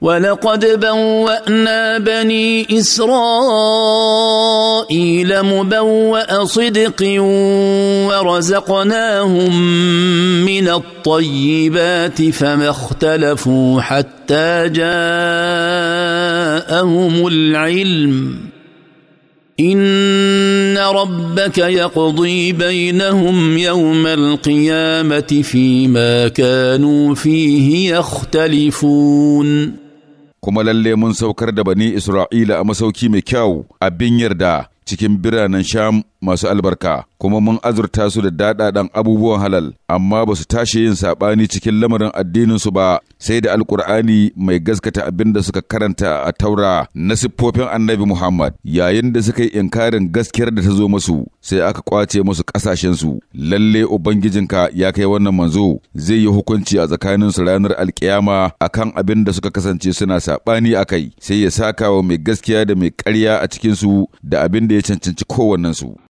ولقد بوانا بني اسرائيل مبوا صدق ورزقناهم من الطيبات فما اختلفوا حتى جاءهم العلم ان ربك يقضي بينهم يوم القيامه فيما كانوا فيه يختلفون kuma lalle mun saukar da bani Isra'ila a masauki mai kyau a binyar yarda cikin biranen Sham masu albarka kuma mun azurta su da daɗaɗan abubuwan halal amma ba su tashi yin saɓani cikin lamarin addininsu ba sai da alkur'ani mai gaskata abin da suka karanta a taura na siffofin annabi muhammad yayin da suka yi inkarin gaskiyar da ta zo masu sai aka kwace musu ƙasashensu lalle ubangijinka ya kai wannan manzo zai yi hukunci a tsakanin su ranar alkiyama akan abin da suka kasance suna saɓani a kai sai ya saka wa mai gaskiya da mai ƙarya a cikinsu da abin da ya cancanci kowannensu.